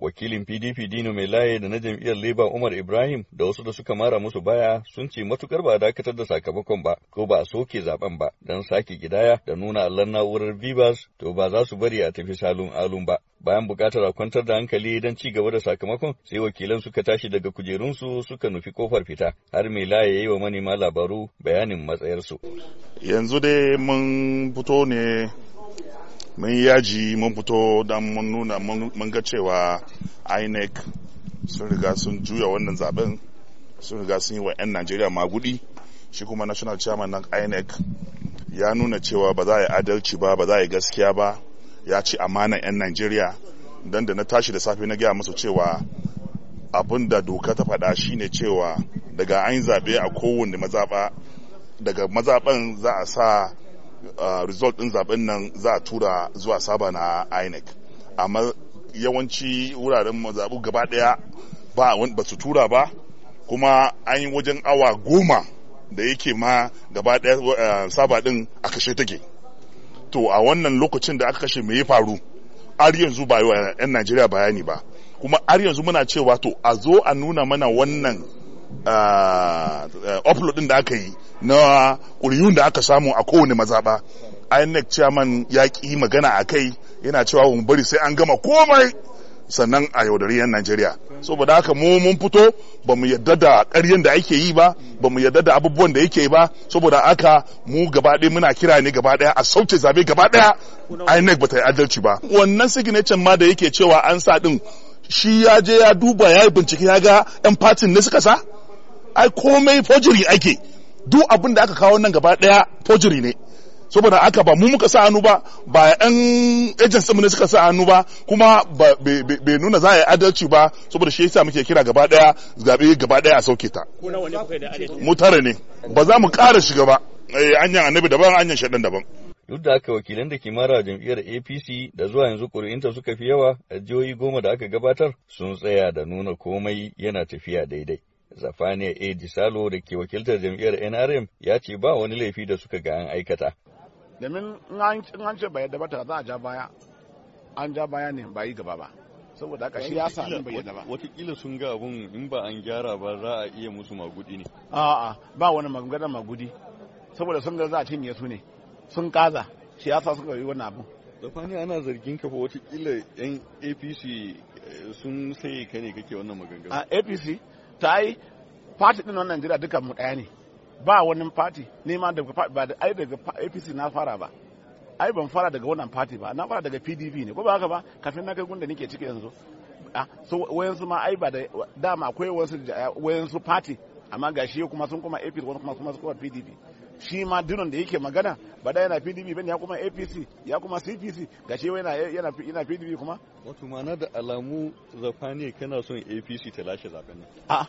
wakilin pdp dino mai laye da na jam'iyyar labour umar ibrahim da wasu da suka mara musu baya sun ce matukar ba dakatar da sakamakon ba ko ba a soke zaben ba don sake gidaya da nuna allon na'urar Vivas to ba za su bari a tafi salon alun ba bayan bukatar a kwantar da hankali don ci gaba da sakamakon sai wakilan suka tashi daga kujerunsu suka nufi kofar fita har mai laye ya yi wa manema labaru bayanin matsayarsu yanzu dai mun fito ne mun yaji mun fito don mun nuna mun ga cewa inec sun riga sun juya wannan zaben sun riga sun yi wa 'yan najeriya magudi shi kuma national chairman na inec ya nuna cewa ba za a yi adalci ba ba za a yi gaskiya ba ya ci amana 'yan najeriya don da na tashi da safe na gaya musu cewa abin da doka ta faɗa shine cewa daga an zaɓe a kowane mazaɓa daga mazaɓan za a sa Uh, result din zaben nan za a tura zuwa saba na inec amma yawanci wuraren zabu gaba ɗaya ba ba su tura ba kuma an yi wajen awa goma da yake ma gaba ɗaya uh, saba ɗin a kashe take to a wannan lokacin da aka kashe me faru har yanzu ba yi wa 'yan najeriya bayani ba kuma har yanzu muna cewa to a zo a nuna mana wannan Uh, uh, upload din da aka yi na ƙuri'un da aka samu a kowane mazaɓa inec chairman ya ƙi magana a kai yana cewa mu bari sai an gama komai sannan a yaudari 'yan najeriya saboda haka mu mun fito ba mu yadda da ƙaryen da ake yi ba ba mu yadda da abubuwan da yake ba saboda aka mu gaba ɗaya muna kira ne gaba ɗaya a sauke zabe gaba ɗaya inec ba ta yi adalci ba wannan signature ma da yake cewa an sa ɗin shi ya je ya duba ya yi bincike ya ga 'yan fatin ne suka sa ai komai fojiri ake duk abin da aka kawo nan gaba daya fojiri ne saboda aka ba mu muka sa hannu ba ba yan agents mu suka sa hannu ba kuma bai nuna za a yi adalci ba saboda shi yasa muke kira gaba daya zabe gaba daya a sauke ta mu ne ba za mu ƙara shiga ba eh, anyan annabi daban anyan shaɗan daban duk da aka wakilan da ke mara jam'iyyar apc da zuwa yanzu ƙuri'inta suka fi yawa a jihohi goma da aka gabatar sun tsaya da nuna komai yana tafiya daidai Zafania A. Disalo da ke wakiltar jam'iyyar NRM ya ce ba wani laifi da suka ga an aikata. Domin in an ce bai yadda ba za a ja baya, an ja baya ne ba yi gaba ba. Saboda haka shi ya sa sami bai yadda ba. Watakila sun ga abun in ba an gyara ba za a iya musu magudi ne. A'a ba wani magana magudi. Saboda sun ga za a cinye su ne. Sun kaza. Shi ya sa suka yi wani abu. Zafani ana zargin kafa watakila 'yan APC eh, sun sai ka ne kake wannan maganganu. A APC ta yi fati ɗin wannan jira duka mu ɗaya ne ba wani fati ne ma daga ba da ai daga APC na fara ba ai ban fara daga wannan fati ba na fara daga PDP ne ko ba haka ba kafin na kai gunda nake ciki yanzu a ah, so su ma ai ba da dama akwai wasu su fati amma gashi kuma sun kuma APC wani kuma kuma sun kuma PDP shi ma dunan da yake magana ba da yana pdp ben ya kuma apc ya kuma cpc ga shi yana yana pdp kuma wato ma'ana da alamu zafani kana son apc ta lashe zaben nan a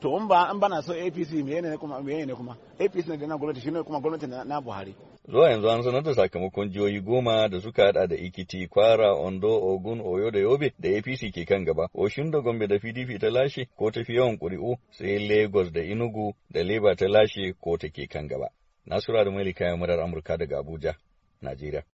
to in ba an bana so apc me ne kuma me ne kuma apc ne na gwamnati shi ne kuma gwamnati na buhari zuwa yanzu an sanar da sakamakon jihohi goma da suka hada da ikiti kwara ondo ogun oyo da yobe da apc ke kan gaba oshin da gombe da pdp ta lashe ko tafi yawan kuri'u sai lagos da inugu da leba ta lashe ko ta ke kan gaba Nasura da Malika ya murar Amurka daga Abuja, Najeriya.